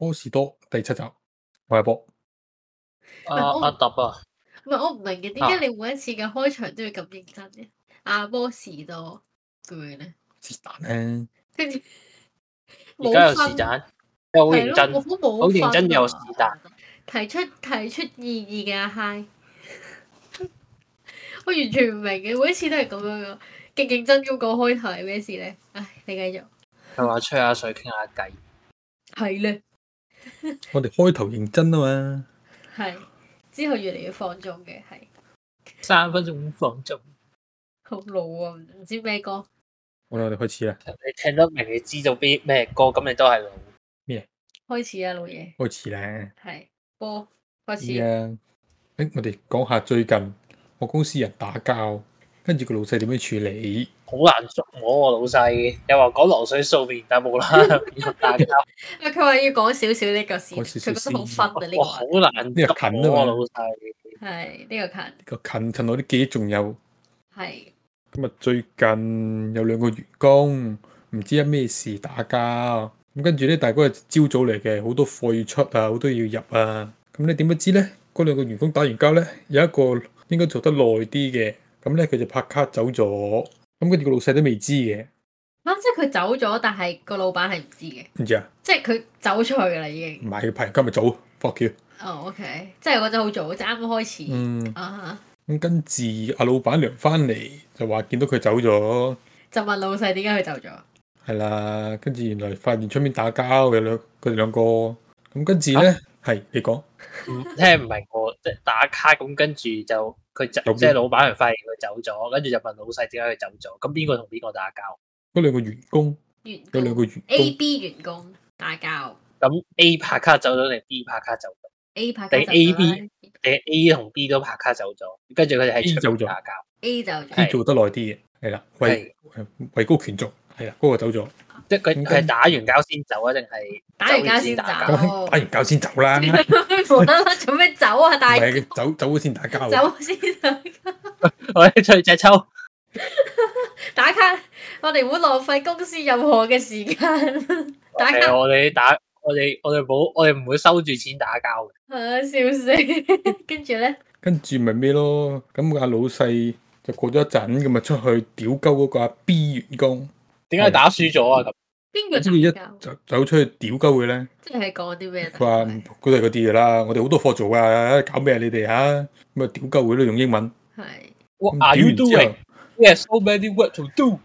波士多第七集，我阿波，阿阿達啊，唔係，我唔明嘅，點解你每一次嘅開場都要咁認真嘅？阿波士多，點解咧？是旦咧，而家又是旦，又認真，好認真又是旦，提出提出異議嘅阿 High 我完全唔明嘅，每一次都係咁樣嘅，咁認真咁個開頭係咩事咧？唉，你繼續，佢話吹下水傾下偈，係咧。 我哋開頭認真啊嘛，係之後越嚟越放縱嘅係，三分鐘放縱，好老啊，唔知咩歌，好啦，我哋開始啦，你聽得明，你知道啲咩歌，咁你都係老咩麼？開始啊，老爺，開始咧，係播開始啊，誒，我哋講下最近我公司人打交。跟住個老細點樣處理？好難捉摸個、啊、老細，又話講流水數面，但冇啦，打交。 啊，佢話要講少少呢個事，佢覺得好分啊呢個。好難呢個、啊、近啊嘛，老細。係、這、呢個近。個近近到啲機仲有。係是。咁啊，最近有兩個員工唔知因咩事打交。咁跟住咧，但係嗰朝早嚟嘅，好多貨要出啊，好多要入啊。咁你點不知咧？嗰兩個員工打完交咧，有一個應該做得耐啲嘅。咁咧佢就拍卡走咗，咁跟住個老細都未知嘅。啊，即係佢走咗，但係個老闆係唔知嘅。唔知啊？即係佢走出去啦，已經。唔係，佢拍今日早博橋。哦，OK，即係我覺得好早，就啱啱開始。嗯啊。咁、uh huh. 跟住阿老闆娘返嚟就話見到佢走咗，就問老細點解佢走咗？係啦，跟住原來發現出面打交嘅兩佢哋兩個，咁跟住咧係你講，唔聽唔明我即係打卡咁跟住就。佢即即係老闆人發現佢走咗，跟住就問老細點解佢走咗？咁邊個同邊個打交？嗰兩個員工，有兩工個員工 A、B 員工打交。咁 A 拍卡走咗定 B 拍卡走咗？A 拍卡 A、B 定 A 同 B 都拍卡走咗？跟住佢哋喺出邊打交？A 走咗，A 走的 A 做得耐啲嘅，係啦，為的為高權重，係啦，嗰、嗰個走咗。即係佢，佢係打完交先走啊，定係打完交先走？打完交先走啦！無啦啦，做咩走啊？大佬，走走先打交。走先打交。我哋最隻抽。打卡，我哋唔會浪費公司任何嘅時間。打卡，我哋打，我哋我哋冇，我哋唔會收住錢打交嘅。吓，笑死！跟住咧？跟住咪咩咯？咁啊，老細就過咗一陣，咁咪出去屌鳩嗰個阿 B 員工。點解打輸咗啊？咁？邊個走出去屌鳩佢咧？即係講啲咩？佢話佢哋嗰啲嘢啦，我哋好多貨做噶，搞咩你哋吓？咁啊屌鳩佢咯，用英文係。What are you doing?，Yes, so many work to do。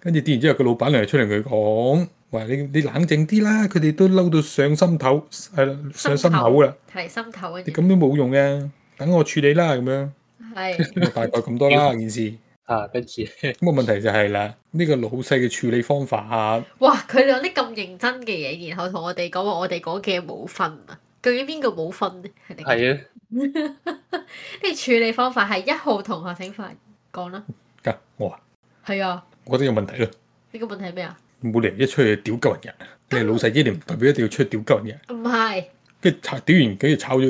跟住屌完之後，個老闆娘又出嚟佢講，喂你你冷靜啲啦，佢哋都嬲到上心頭，係啦，上心頭噶啦。提心頭啊！你咁都冇用嘅，等我處理啦，咁樣。係。大概咁多啦，件事。啊，跟住咁個問題就係啦，呢、這個老細嘅處理方法啊，哇，佢有啲咁認真嘅嘢，然後同我哋講話我哋講嘅冇份啊，究竟邊的 個冇份咧？係定係？係啊，呢處理方法係一號同學請快講啦。噶，我啊，係啊的，我覺得有問題咯。呢個問題係咩啊？冇理由一出去屌鳩人嘅， 你老細一嚟唔代表一定要出去屌鳩人嘅，唔係是。跟住炒屌完，跟住炒咗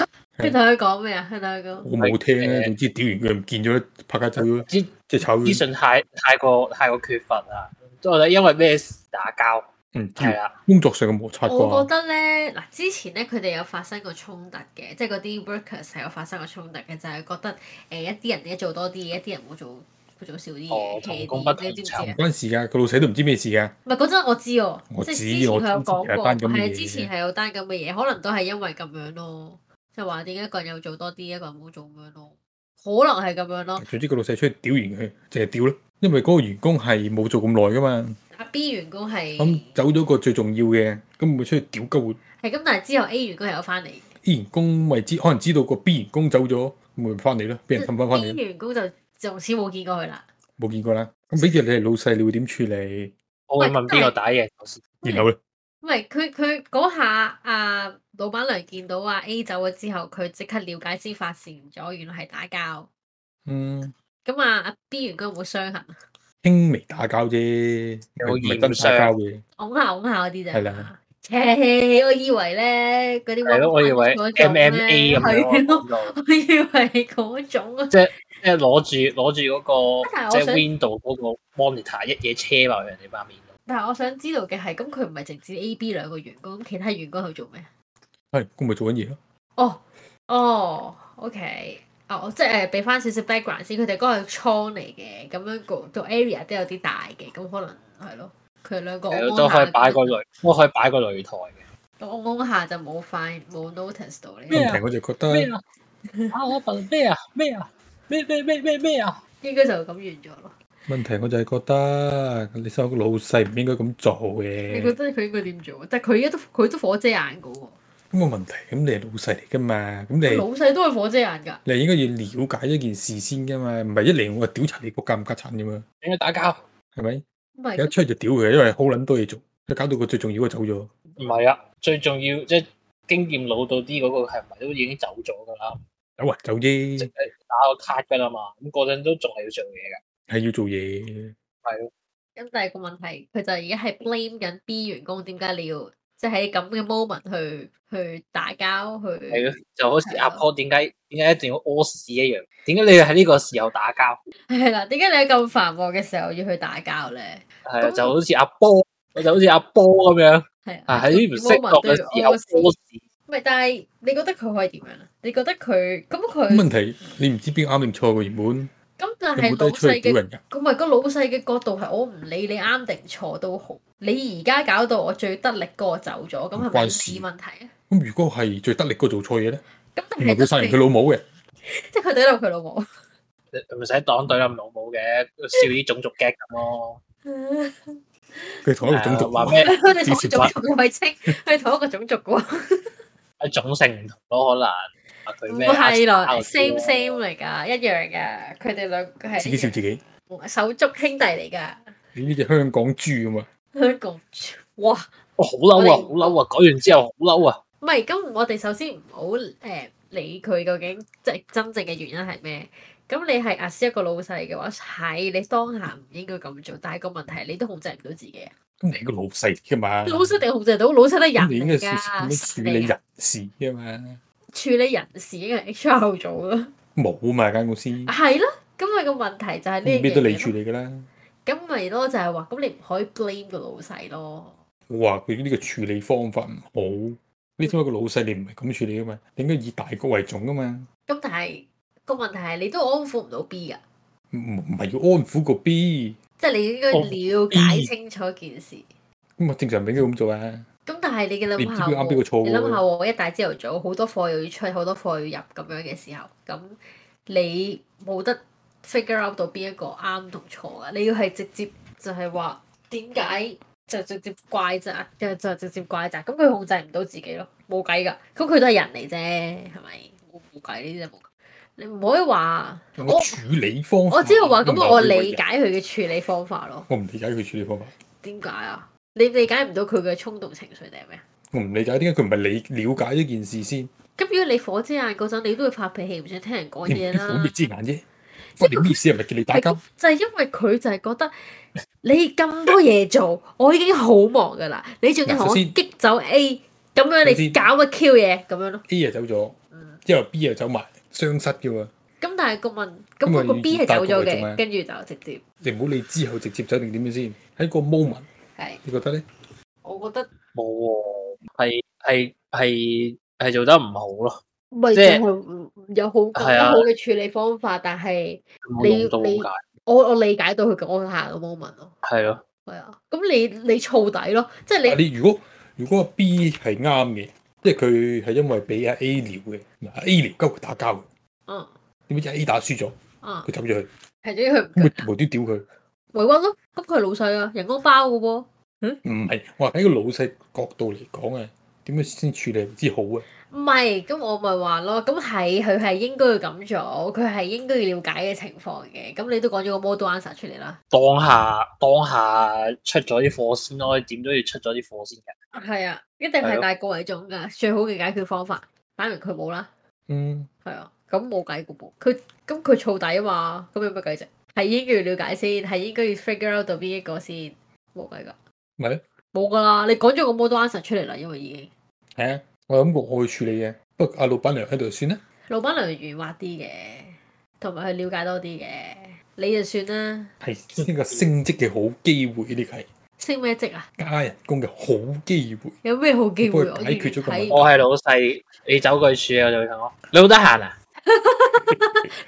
嘅。佢同佢講咩啊？佢同佢我冇聽咧，總之屌完佢唔見咗，拍街走咗。總之即係資訊太太過太過缺乏啊！到底因為咩事打交？嗯，係啊，工作上嘅摩擦。我覺得咧，嗱，之前咧佢哋有發生過衝突嘅，即係嗰啲 workers 係有發生過衝突嘅，就係覺得誒一啲人咧做多啲嘢，一啲人唔好做，佢做少啲嘢。其實講白啲，你知唔知啊？嗰陣時間個老細都唔知咩事噶。唔係嗰陣我知哦，即係之前佢有講過，係啊，之前係有單咁嘅嘢，可能都係因為咁樣咯。就話點解一個人有做多啲，一個人冇做咁樣咯，可能係咁樣咯。總之個老細出去屌完佢，淨係屌咯。因為嗰個員工係冇做咁耐噶嘛。阿 B 員工係咁走咗個最重要嘅，咁唔會出去屌鳩佢。係咁，但係之後 A 員工係有翻嚟。A 員工未知可能知道個 B 員工走咗，咁咪翻嚟咯，俾人氹翻翻嚟。B 員工就就從此冇見過佢啦，冇見過啦。咁比如你係老細，你會點處理？我會問邊個打嘢，然後咧？唔係佢佢嗰下，啊，老闆娘見到啊 A 走咗之後，佢即刻了解之發事咗，原來係打交。嗯。咁啊，阿 B 完哥有冇傷痕啊？輕微打交啫，唔係真打交嘅，擁下擁下嗰啲啫。係啦。我以為咧嗰啲係咯，我以為 MMA 咁樣，我以為嗰種即係攞住攞住嗰個即係 Window 嗰個 monitor 一嘢車落人哋把面。但係我想知道嘅係，咁佢唔係直接 A、B 兩個員工，其他員工去做咩？係，咁咪做緊嘢咯？哦，哦，OK，哦，即係誒，俾翻少少 background 先。佢哋嗰個倉嚟嘅，咁樣個個 area 都有啲大嘅，咁可能係咯。佢兩個我可以擺個擂，我可以擺個擂台嘅。我下就冇 find 冇 notice 到呢咩啊？我哋覺得咩啊？嚇！我問咩啊？咩啊？咩咩咩咩咩啊？啊啊啊啊啊應該就咁完咗咯。問題我就係覺得你作為個老細唔應該咁做嘅。你覺得佢應該點做啊？但係佢而家都佢都火遮眼噶喎。咁個問題，咁你係老細嚟噶嘛？咁你老細都係火遮眼噶你應該要了解一件事先噶嘛？唔係一嚟我係調查你個家唔家產啫嘛。點解打交？係咪？一出去就屌佢，因為好捻多嘢做，你搞到佢最重要佢走咗。唔係啊，最重要即係、就是、經驗老到啲嗰個係咪都已經走咗噶啦？有啊，走啫、啊，打個卡噶啦嘛。咁嗰陣都仲係要做嘢噶係要做嘢，係咯。咁第二個問題，佢就而家係 blame 緊 B 員工，點解你要即係喺咁嘅 moment 去去打交？去係咯，就好似阿波點解點解一定要屙屎一樣？點解你要喺呢個時候打交？係啦，點解你喺咁繁忙嘅時候要去打交咧？係就好似阿波，就好似阿波咁樣，係喺唔識落嘅時候屙屎。唔係，但係你覺得佢可以點樣？你覺得佢咁佢？問題你唔知邊啱定錯嘅原本。咁但係老細嘅，咁咪個老細嘅角度係我唔理你啱定錯都好，你而家搞到我最得力個走咗，咁係咪事問題？咁如果係最得力個做錯嘢咧，咁但係佢殺人佢老母嘅，即係佢懟到佢老母，唔使擋懟到佢老母嘅，笑啲種族 gate 咁咯。佢同一個種族，話咩？佢哋同一個種族唔係清，佢同一個種族噶，係種性唔同咯，可能。唔係咯，same same 嚟噶，一樣噶。佢哋兩個係自己笑自己，手足兄弟嚟噶。你呢隻香港豬啊嘛，香港豬，哇！我好嬲啊，好嬲啊！改完之後好嬲啊。唔係，咁我哋首先唔好誒理佢究竟即係真正嘅原因係咩？咁你係阿 Sir 一個老細嘅話，係你當下唔應該咁做。但係個問題，你都控制唔到自己啊。咁你個老細嚟噶嘛？老細定控制到老細都人嚟噶，嚟人事噶嘛？處理人事應該係 HR 做咯，冇嘛間公司？係咯， 咁咪個問題就係呢？咩都你處理㗎啦。咁咪咯，就係話，咁你唔可以 blame 個老細咯。我話佢呢個處理方法唔好，你邊一個老細你唔係咁處理啊嘛，你應該以大局為重啊嘛。咁但係個問題係你都安撫唔到 B 噶，唔，唔係要安撫個 B，即係 你應該了解清楚件事。咁啊，正常唔應該咁做啊。係你諗下，你諗下喎，一大朝頭早好多貨又要出，好多貨要入咁樣嘅時候，咁你冇得 figure out 到邊一個啱同錯啊？你要係直接就係話點解就直接怪責，就是、直接怪責？咁佢控制唔到自己咯，冇計噶。咁佢都係人嚟啫，係咪冇計呢啲真冇計。你唔可以話我處理方法我，我只係話咁，我理解佢嘅處理方法咯。我唔理解佢處理方法，點解啊？你理解唔到佢嘅衝動情緒定係咩？我唔理解，點解佢唔係理了解一件事先？咁如果你火之眼嗰陣，你都會發脾氣，唔想聽人講嘢啦。火滅之眼啫，不過你咩意思啊？係咪叫你打交，就係因為佢就係覺得你咁多嘢做，我已經好忙噶啦，你仲要同我激走 A？咁樣你搞個 Q 嘢咁樣咯？A 又走咗，之後 B 又走埋，雙失嘅喎。咁但係個問，咁個 B 係走咗嘅，跟住就直接。你唔好理之後直接走定點樣先？喺個 moment。係你覺得呢？我覺得冇係係係係做得唔好咯，即係唔係、就係、有好、啊、有好嘅處理方法，但係你解你我我理解到佢嗰下嘅 moment 咯，係咯，係啊，咁你你燥底咯，即係你你如果如果 B 係啱嘅，即係佢係因為俾阿 A 撩嘅，阿 A 撩交佢打交嘅，嗯，點知阿 A 打輸咗，嗯，佢走住佢，係點解佢會無端屌佢？維穩咯，咁佢係老細啊，人工包嘅喎、啊。嗯，唔係，我話喺個老細角度嚟講啊，點樣先處理唔知好啊？唔係，咁我咪話咯，咁係佢係應該要咁做，佢係應該要了解嘅情況嘅。咁你都講咗個 model answer 出嚟啦當。當下當下出咗啲貨先咯，點、嗯、都要出咗啲貨先嘅。係啊，一定係大局為重噶，最好嘅解決方法。擺明佢冇啦。嗯。係啊，咁冇計嘅噃，佢咁佢燥底啊嘛，咁有乜計值？係應該要了解先，係應該要 figure out 到邊一個先，冇計噶。咪，冇噶啦！你講咗個 model answer 出嚟啦，因為已經係啊！我有諗過，我會處理嘅。不過阿老闆娘喺度算啦。老闆娘圓滑啲嘅，同埋佢了解多啲嘅，你就算啦。係呢個升職嘅好機會，呢個係升咩職啊？加人工嘅好機會。有咩好機會？解決咗咁多，我係老細，你走過去處啊！就同我，你好得閒啊？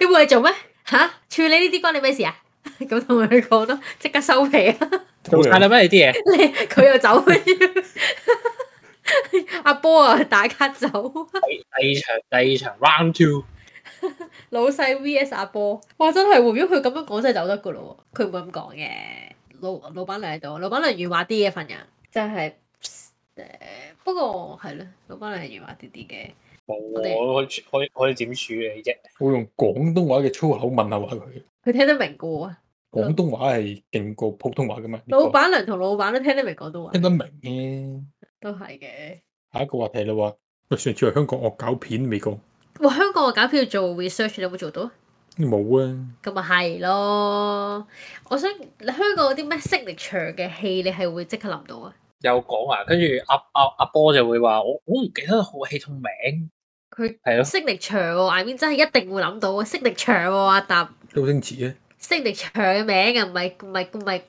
你會做咩？吓、啊、處理呢啲關你咩事啊？咁同佢講咯，即刻收皮啊！做晒啦咩你啲嘢？你佢又走 阿波啊，大家走 第。第二場第二場 round two， 老細 vs 阿波，哇真係如果佢咁樣講真係走得噶咯喎，佢唔會咁講嘅。老老闆娘喺度，老闆娘圓滑啲嘅份人，真係誒、呃，不過係咯，老闆娘係圓滑啲啲嘅。我的我我我可以點處理啫，我用廣東話嘅粗口問下話佢，佢聽得明過啊？廣東話係勁過普通話噶嘛？這個，老闆娘同老闆都聽得明廣東話，聽得明嘅，啊，都係嘅。下一個話題啦話，喂，上次去香港惡搞片未過，喂，香港嘅搞片要做 research，你有冇做到啊？冇啊，咁咪係咯？我想你香港嗰啲咩 signature 嘅戲，你係會即刻諗到啊？有講啊，跟住阿阿阿波就會話，我我唔記得好戲同名。佢星力強喎，外面真係一定會諗到啊！星力強喎，阿揼周星馳嘅星力強嘅名啊，唔係唔係唔係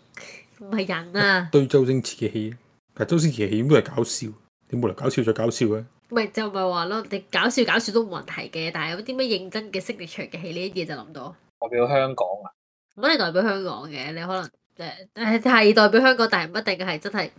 唔係人啊！對周星馳嘅戲，但係周星馳嘅戲都係搞笑，點冇嚟搞笑再搞笑嘅？咪就咪話咯，你搞笑搞笑都冇人提嘅，但係有啲咩認真嘅星力強嘅戲呢？一嘢就諗到代表香港啊！唔可以代表香港嘅，你可能誒誒係代表香港，但係唔一定嘅係真係。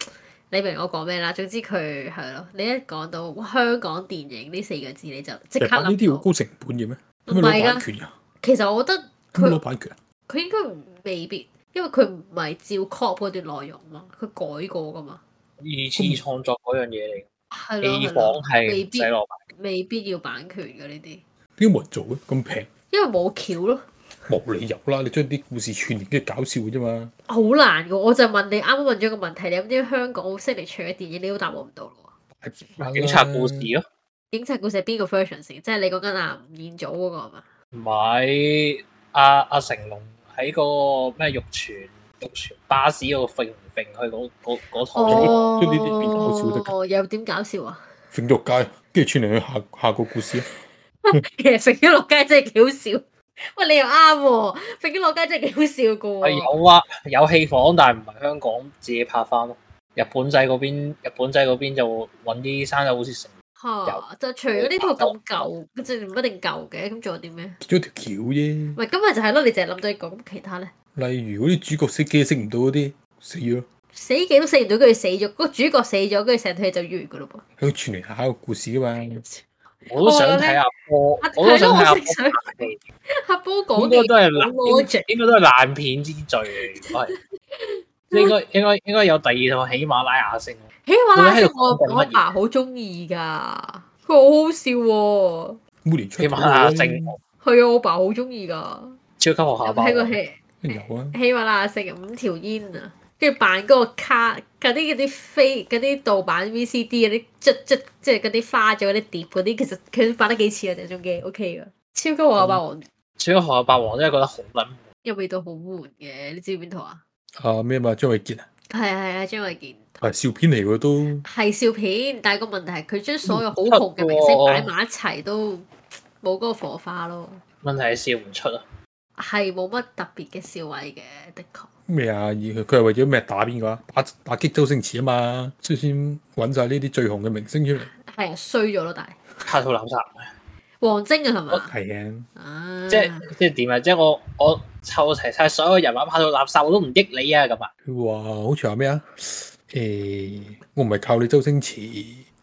你明我講咩啦？總之佢係咯，你一講到香港電影呢四個字，你就即刻諗。呢啲好高成本嘅咩？冇、啊、版權呀。其實我覺得。冇版權啊！佢應該未必，因為佢唔係照 copy 嗰段內容嘛，佢改過噶嘛。二次創作嗰樣嘢嚟。係咯不。以未講係細路。未必要版權嘅呢啲。點冇人做咧？咁平。因為冇橋咯。冇理由啦！你將啲故事串連，跟住搞笑嘅啫嘛。好難嘅，我就問你啱啱問咗一個問題，你有冇啲香港識嚟串嘅電影？你都答我唔到咯。警察故事咯，警察故事邊個 version 先？即係你講緊啊，吳彥祖嗰個嘛？唔係阿阿成龍喺個咩玉泉玉泉巴士度揈揈去嗰嗰嗰台。哦哦哦，又點搞笑啊？揈落街，跟住串嚟去下下個故事啊！其實成咗落街真係幾好笑。喂，你又啱喎，哦，肥豬落街真係幾好笑噶喎。係有啊，有戲房，但係唔係香港自己拍翻咯。日本仔嗰邊，日本仔嗰邊就搵啲生肉好似食。吓哈，有就除咗呢套咁舊，花就唔一定舊嘅，咁仲有啲咩？仲有條橋啫。唔係，今日就係咯，你淨係諗到一個，咁其他咧？例如嗰啲主角識計識唔到嗰啲死咯。死計都死唔到，跟住死咗，個主角死咗，跟住成套戲就完噶咯噃。要串聯下一個故事噶嘛？ 我都想睇阿波，我都想睇阿波爛戲。阿波講嘅應該都係爛，應該都係爛片之最。應該應該應該有第二套《喜馬拉雅星》。喜馬拉雅星，我阿爸好中意噶，佢好好笑。喜馬拉雅星，係啊，我阿爸好中意噶。超級學校下部睇過戲，有啊。喜馬拉雅星五條煙啊！跟住扮嗰個卡，嗰啲嗰啲飛，嗰啲盜版 VCD 嗰啲捽捽，即係嗰啲花咗嗰啲碟嗰啲，其實佢都扮得幾似啊！鄭中基 O K 噶，超級學校霸王，嗯、超級學校霸王真係覺得好撚，又味道好悶嘅，你知唔知邊套啊？啊咩嘛？張衛健啊？係啊係啊，張衛健係笑片嚟嘅，都係笑片，但係個問題係佢將所有好紅嘅明星擺埋一齊都冇嗰個火花咯。問題係笑唔出啊，係冇乜特別嘅笑位嘅，的確。咩啊？佢佢係為咗咩打邊個打打擊啊？打打擊周星馳啊嘛，先先搵晒呢啲最紅嘅明星出嚟。係衰咗咯，但係拍到垃圾，王晶啊係嘛？係嘅，即係即係點啊？即係我我湊齊晒所有人馬拍到垃圾，我都唔益你啊！咁啊？話好似話咩啊？誒、欸，我唔係靠你周星馳，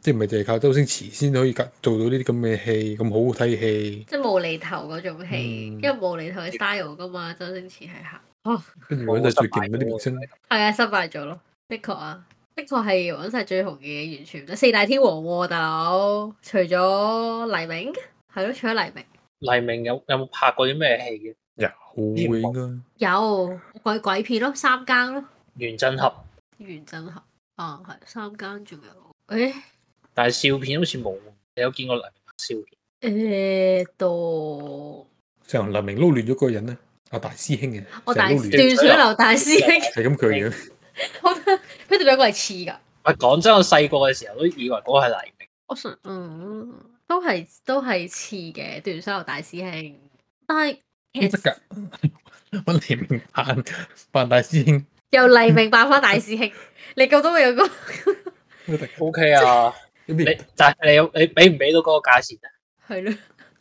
即係唔係淨係靠周星馳先可以做到呢啲咁嘅戲咁好睇戲。即係無厘頭嗰種戲，因為無厘頭嘅 style 噶嘛，周星馳係客。哦，跟住揾晒最勁嗰啲明星，係啊，失敗咗咯，的確啊，的確係揾晒最紅嘅，完全唔得。四大天王喎大佬，除咗黎明，係咯，除咗黎明，黎明有有冇拍過啲咩戲嘅？有，應該有鬼鬼片咯，三更咯，元振合，元振合，啊，係三更，仲有誒，但係笑片好似冇，你有見過黎明拍笑片？誒，多，成黎明撈亂咗個人咧。我大師兄嘅，我大段水流大師兄係咁個樣。佢哋兩個係似噶。啊，講真，我細個嘅時候都以為嗰個係黎明。我信，嗯，都係都係似嘅，段水流大師兄。但係唔得噶，扮黎明扮扮大師兄，又黎明扮翻大師兄，你夠多會有個。O K 啊，你但係你，你俾唔俾到嗰個價錢啊？係咯，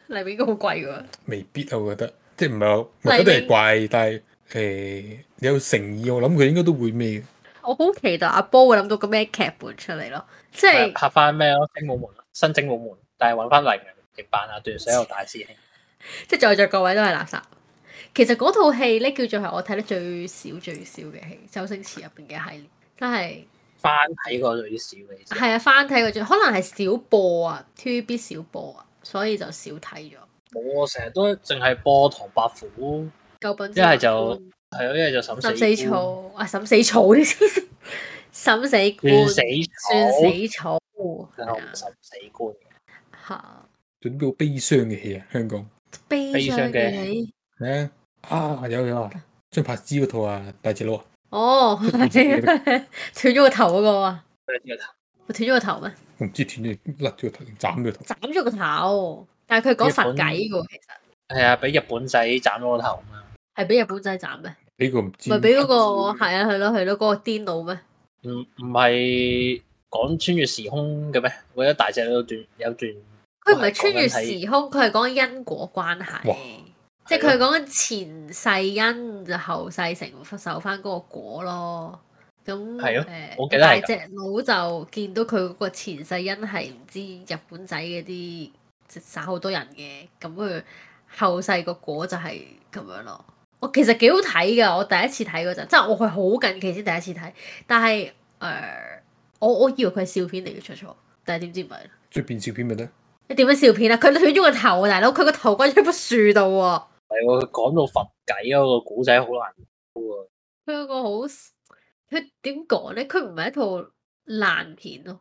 黎明應該好貴噶。未必啊，我覺得。即係唔係我覺得係貴，但係你有誠意，我諗佢應該都會。咩我好期待阿、啊、波會諗到個咩劇本出嚟咯，即係拍翻咩咯？精武、啊、門新精武門，但係揾翻嚟嚟扮阿段小龍大師兄， 即係在座各位都係垃圾。其實嗰套戲咧叫做係我睇得最少最少嘅戲，周星馳入邊嘅系列真係翻睇過最少嘅。係啊，翻睇過最 可能係少播啊，TVB 少播啊，所以就少睇咗。我成日都淨係播唐伯虎，一係就係咯，一係就審死草啊，審死草啲先，審死官，算死草，審死官，吓，仲有悲傷嘅戲啊，香港悲傷嘅，咩啊，有有啊，張柏芝嗰套啊，大隻佬，哦斷咗個頭嗰個啊，大隻佬頭，佢斷咗個頭咩？我唔知斷咗，甩咗個頭，斬咗個頭，斬咗個頭。但係佢講佛偈嘅，日本其實係啊，俾日本仔斬咗個頭啊！係俾日本仔斬咩？呢個唔知咪俾嗰個係啊，係咯、啊，係咯、啊，嗰、啊嗰個癲佬咩？唔唔係講穿越時空嘅咩？我記得大隻佬有段有段，佢唔係穿越時空，佢係講因果關係，啊、即係佢係講緊前世因就後世成受翻嗰個果咯。咁係咯，啊、我記得大隻佬就見到佢嗰個前世因係唔知日本仔嗰啲。殺好多人嘅，咁佢後世個果就係咁樣咯。我、哦、其實幾好睇㗎，我第一次睇嗰陣，即係我係好近期先第一次睇，但係誒、呃，我我以為佢係笑片嚟嘅出錯，但係點知唔係。最變笑，笑片咪得？你點樣笑片啊？佢斷咗個頭啊大佬！佢個頭骨喺棵樹度喎。係喎，佢講到佛偈嗰個古仔好難估喎。佢個好，佢點講咧？佢唔係一套爛片咯。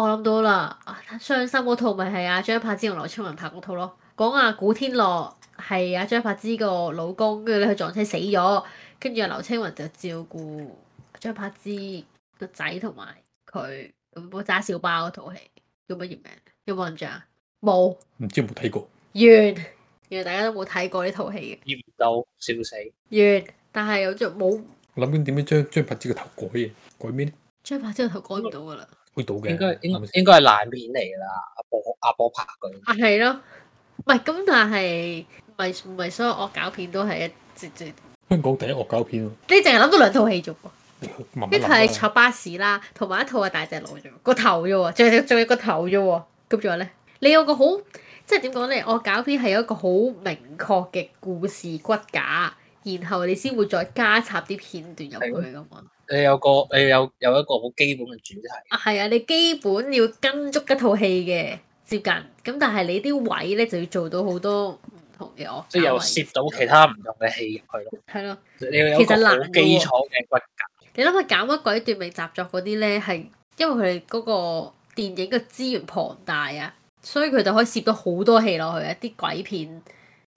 我諗到啦，傷心嗰套咪係阿張柏芝同劉青雲拍嗰套咯，講阿、啊、古天樂係阿張柏芝個老公，跟住咧佢撞車死咗，跟住阿劉青雲就照顧張柏芝個仔同埋佢，咁好揸小巴嗰套戲叫乜嘢名？有冇印象？冇，唔知有冇睇過？完，原來大家都冇睇過呢套戲嘅。怨到笑死。完，但係有就冇。諗緊點樣將張柏芝個頭改嘅？改咩？張柏芝個頭改唔到噶啦。會到嘅，應該應該應該係爛片嚟啦，阿波阿波拍嘅 。啊係咯，唔係咁，但係唔係唔係所有惡搞片都係一最最香港第一惡搞片咯。你淨係諗到兩套戲啫噃，呢套係坐巴士啦，同埋一套係大隻佬，啫個頭啫喎，仲有仲有個頭啫喎，咁仲有咧？你有個好即係點講咧？惡搞片係有一個好明確嘅故事骨架，然後你先會再加插啲片段入去咁你有個，你有有一個好基本嘅主題。啊，係啊，你基本要跟足一套戲嘅接近，咁但係你啲位咧就要做到好多唔同嘅哦，即係又攝到其他唔同嘅戲入去咯。係咯、 啊，你要有個好基礎嘅骨架。你諗下，搞乜鬼奪命雜作嗰啲咧，係因為佢哋嗰個電影嘅資源龐大啊，所以佢就可以攝到好多戲落去啊，啲鬼片。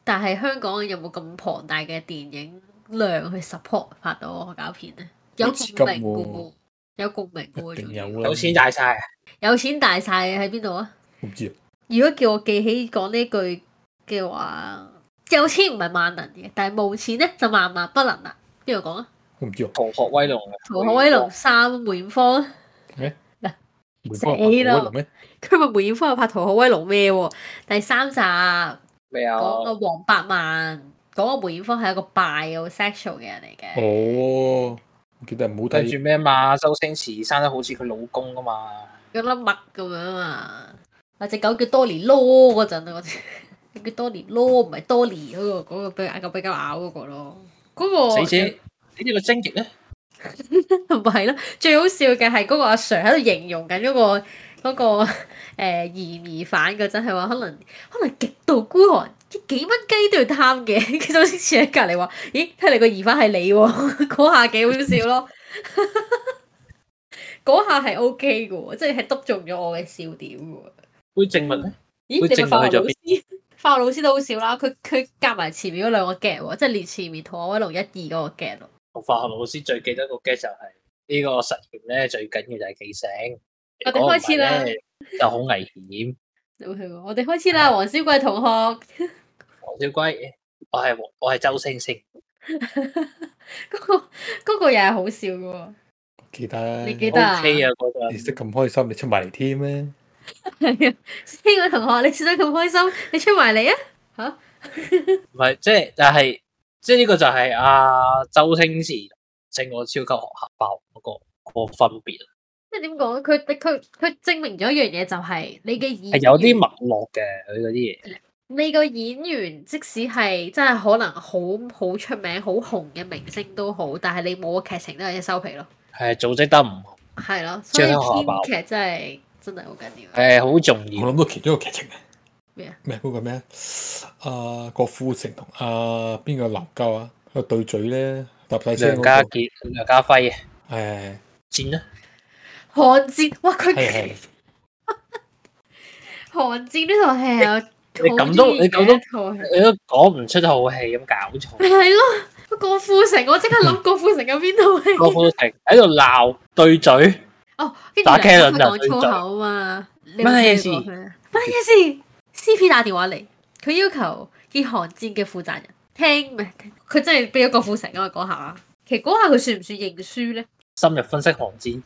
但係香港有冇咁龐大嘅電影量去 support 拍到我，我搞片咧？有共鳴嘅，有共鳴嘅，一定有啦！有錢大曬，有錢大曬喺邊度啊？唔知啊！如果叫我記起講呢句嘅話，有錢唔係萬能嘅，但係冇錢咧就萬萬不能啦。邊度講啊？唔知啊！威龍啊！威龍3，《逃學威龍》《逃學威龍三》梅艷芳，咩？死咯！佢咪梅艷芳又拍《逃學威龍》咩？第三集，咩？講個王八萬，講個梅艷芳係一個 bisexual 嘅人嚟嘅。哦。叫唔好睇住咩嘛？周星馳生得好似佢老公啊嘛，個粒麥咁樣啊嘛，阿隻狗叫多尼囉嗰陣啊，我只叫多尼囉唔係多尼嗰個嗰個俾狗比較咬嗰個咯，嗰個死者，你個癥癥呢個晶瑩咧？同係 啦，最好笑嘅係嗰個阿 Sir 喺度形容緊嗰個嗰個誒嫌疑犯嗰陣，係、欸、話可能可能極度孤寒。啲幾蚊雞都要貪嘅，佢好似坐喺隔離話：咦，睇嚟個疑犯係你喎、喔，嗰 下幾好笑咯。 嗰下係 O K 嘅喎，即係係篤中咗我嘅笑點喎。會靜物咧？正咦，化學老師就化學老師都好笑啦。佢佢夾埋前面嗰兩個 gap 喎，即係連前面同阿威龍一二嗰個 gap 化學老師最記得、就是這個 gap 就係呢個實驗咧，最緊要就係記醒。」我哋開始啦，就好危險。 我哋開始啦，黃小貴同學。黃小貴，我係我係周星星。嗰個嗰個又係好笑噶。記得。你記得啊？你識咁開心，你出埋嚟添咩？係啊，呢位同學，你識得咁開心，你出埋嚟啊？吓？唔係，即係但係即係呢個就係阿周星馳整個超級學校霸嗰個嗰個分別。即係點講？佢佢佢證明咗一樣嘢，就係你嘅演員係有啲脈絡嘅，佢嗰啲嘢。你個演員即使係真係可能好好出名、好紅嘅明星都好，但係你冇個劇情都有一收皮咯。係組織得唔好。係咯，所以編劇真係真係好緊要。誒、呃，好重要。我諗到其中一個劇情麼麼啊，咩啊？咩個咩？誒，郭富城同阿邊個鬧交啊？個、啊、對嘴咧，搭晒聲。梁家杰、梁家輝啊。誒。戰啊！寒戰，哇！佢寒戰呢套戲啊，你咁都你咁都套戲你都講唔出套戲咁搞錯。係咯，郭富城，我即刻諗郭富城有邊套戲？郭富城喺度鬧對嘴，哦，打茄輪啊，講粗口啊嘛。乜嘢事？乜嘢事？C P 打電話嚟，佢要求見寒戰嘅負責人聽，佢真係俾咗郭富城啊嘛？講下，其實嗰下佢算唔算認輸咧？深入分析寒戰。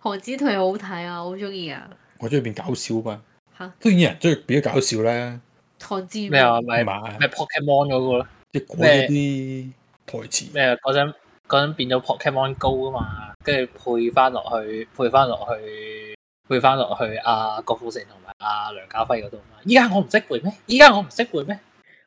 韓 子腿好睇啊，好中意啊！我中意變搞笑嘛吓，當然哈有人中意變咗搞笑咧。韓志咩啊？拉馬是啊？咩 Pokemon 嗰個咧？咩啲台詞咩？嗰陣嗰陣變咗 Pokemon Go 啊嘛，跟住配翻落去，配翻落去，配翻落去阿、啊、郭富城、同埋阿梁家輝嗰度。依家我唔識背咩？依家我唔識背咩？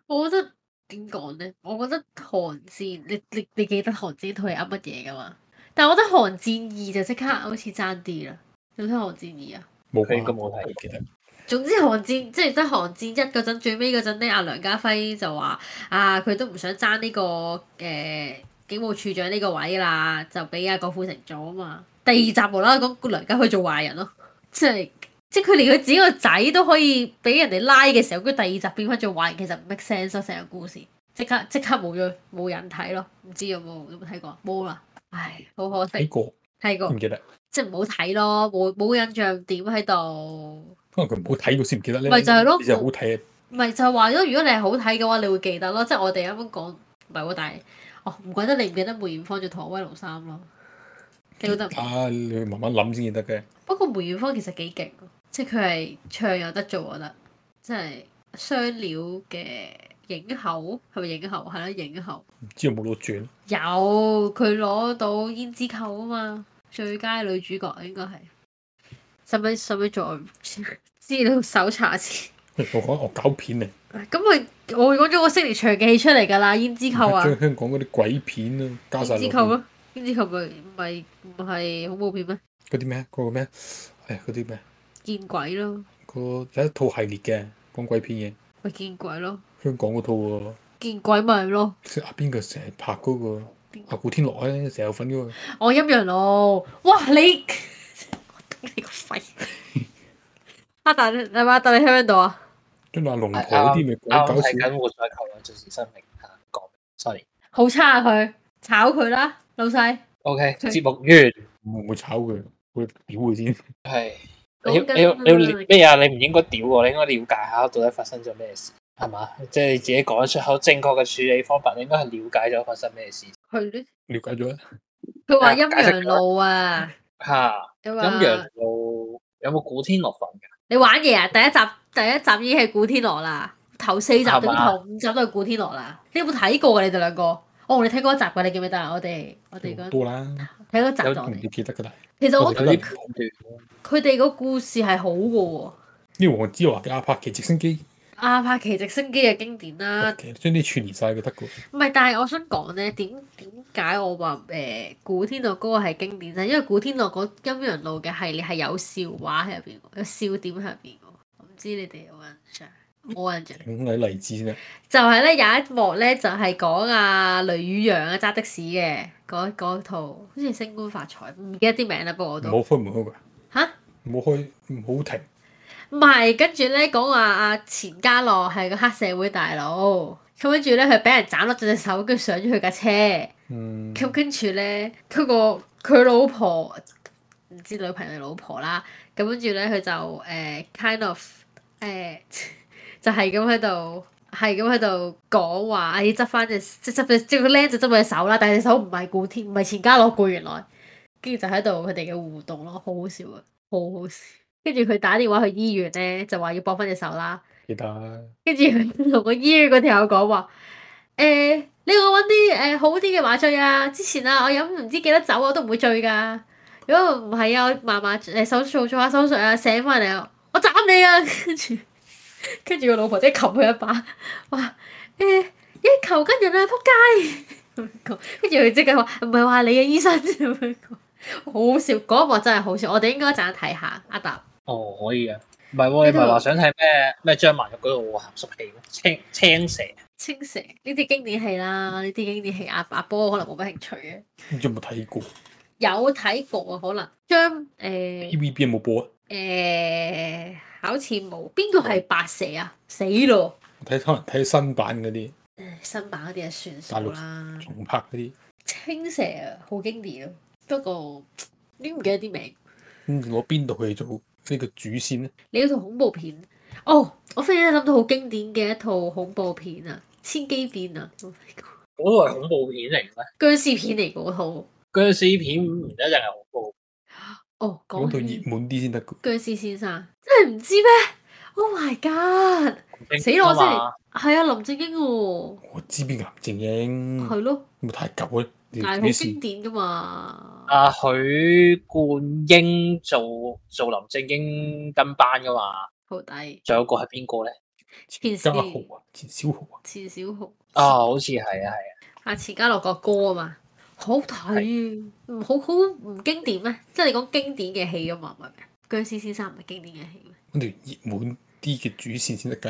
我覺得點講咧？我覺得韓子，你你你，你記得韓子腿係噏乜嘢噶嘛？但係我覺得《寒戰二》就即刻好似爭啲啦，有冇睇《寒戰二》啊？冇睇，應該冇睇嘅。總之《寒戰》即係得《寒戰一》嗰陣最尾嗰陣咧，阿梁家輝就話：啊，佢都唔想爭呢、呢個誒、呃、警務處長呢個位啦，就俾阿郭富城做啊嘛。第二集無啦啦講梁家輝做壞人咯，即係即係佢連佢自己個仔都可以俾人哋拉嘅時候，佢第二集變翻做壞人，其實唔 make sense 成個故事，即刻即刻冇咗冇人睇咯。唔知有冇有冇睇過？冇啊。唉，好可惜，睇過，睇過，唔記得，即係唔好睇咯，冇冇印象點喺度。可能佢唔好睇到先唔記得唔咪就係咯，其實不好睇。唔咪就係話咗，如果你係好睇嘅話，你會記得咯。即係我哋一般講，唔係喎，但係哦，唔怪得你唔記得梅艷芳做《唐威龍三》咯，記得。啊，你要慢慢諗先記得嘅。不過梅艷芳其實幾勁，即係佢係唱有得做，我覺得，即係雙料嘅。影后係咪影后係啦？影后唔知有冇攞轉？有佢攞到胭脂扣啊嘛，最佳女主角應該係。使唔使使使再資料搜查一次 。我講惡搞片啊！咁咪 我講咗個《西廂記》出嚟㗎啦，《胭脂扣》啊！將香港嗰啲鬼片啊加晒胭脂扣咯，胭脂扣咪唔咪係恐怖片咩？嗰啲咩？嗰、嗰個咩？係嗰啲咩？見鬼咯！嗰個係一套系列嘅講鬼片嘢。咪見鬼咯！香港嗰套喎、啊，見鬼咪咯！阿邊個成日拍嗰個阿、啊、古天樂咧，成日有份嗰個。我陰陽佬，哇你！ 你個肺肥。阿達你阿達你聽唔聽到啊？跟住阿龍婆嗰啲咪好搞笑，我再求兩重視生命吓，講 sorry 好差啊佢，炒佢啦，老細。O K，節目完，唔會炒佢，會屌佢先！係。你要你要你要咩啊？你唔應該屌喎！你應該了解下到底發生咗咩事，係嘛？即係你自己講出口正確嘅處理方法，你應該係了解咗發生咩事。係咯。了解咗啦。佢話陰陽路啊。有嚇的。話陰陽路有冇古天樂份㗎？你玩嘢啊！第一集第一集已經係古天樂啦，頭四集到吧頭五集都係古天樂啦。你有冇睇過㗎、啊？你哋兩個？哦，你睇過一集㗎？你記唔記得啊？我哋我哋啦。喺個集度唔記得噶啦。其實我，我覺得佢哋個故事係好嘅喎。呢黃子華嘅阿帕奇直升機，阿帕奇直升機嘅經典啦、啊。將啲串完曬就得嘅。唔係，但係我想講咧，點點解我話誒、呃、古天樂嗰個係經典咧？因為古天樂嗰陰陽路嘅系列係有笑話喺入邊，有笑點喺入邊。我唔知你哋有冇印象？冇印象。咁你睇荔枝啦。就係咧，有一幕咧，就係講阿、啊、雷雨陽啊揸的士嘅，嗰嗰套好似《升官發財》啊，唔記得啲名啦，不過。冇開門開門。嚇！冇開，唔好停。唔係，跟住咧講話阿錢嘉樂係個黑社會大佬，咁跟住咧佢俾人斬甩咗隻手，跟住上咗佢架車。咁跟住咧，佢、嗰個佢老婆唔知女朋友定老婆啦，咁跟住咧佢就誒、呃、kind of 誒、呃。 就係咁喺度，係咁喺度講話，哎，執翻隻，隻，即係執翻，即係個僆仔執翻隻手啦。但係隻手唔係古天，唔係錢嘉樂故。原來。跟住就喺度佢哋嘅互動咯，好好笑啊，好好笑。跟住佢打電話去醫院咧，就話要幫翻隻手啦。記得他。跟住佢同個醫院嗰條友講話，誒、哎，你我揾啲誒好啲嘅麻醉啊。之前啊，我飲唔知幾多酒我都唔會醉㗎。如果唔係啊，我麻麻誒手做做下手術啊，醒翻嚟啊。我斬你啊！跟住。跟住個老婆仔冚佢一把，話誒一求緊人啦，扑街！跟住佢即刻話唔係話你嘅醫生咁樣講，好笑嗰一幕真係好笑，我哋應該一陣睇下阿達。哦，可以啊，唔係喎，你唔係話想睇咩咩張曼玉嗰套鹹濕戲咩？青青蛇。青蛇呢啲經典戲啦，呢啲經典戲阿阿波可能冇乜興趣嘅。你有冇睇過？有睇過啊，可能張誒。TVB 有冇播啊？誒。好似冇邊個係白蛇啊！死咯！睇可能睇新版嗰啲，新版嗰啲就算數啦，重拍嗰啲。青蛇啊，好經典啊！不過你唔記得啲名。嗯，我邊度去做呢、這個主線咧？你嗰套恐怖片哦，oh, 我忽然間諗到好經典嘅一套恐怖片啊，《千機變》啊！嗰套係恐怖片嚟嘅咩？殭屍片嚟，嗰套殭屍片唔得就係恐怖。哦，講到熱門啲先得。殭屍先生真係唔知咩？Oh my god！死咯，我先係係啊，林正英哦。我知邊個林正英？係咯，咪太舊啊，但係好經典噶嘛。阿許冠英做做林正英跟班噶嘛？好抵帥。仲有個係邊個咧？錢小豪啊，錢小豪啊，錢小豪啊，好似係啊，係啊，阿錢嘉樂個哥啊嘛。好睇唔、啊、是好好唔經典咩？即係你講經典嘅戲啊嘛，唔係咩？僵屍先生唔係經典嘅戲咩？嗰條熱門啲嘅主線先得㗎。誒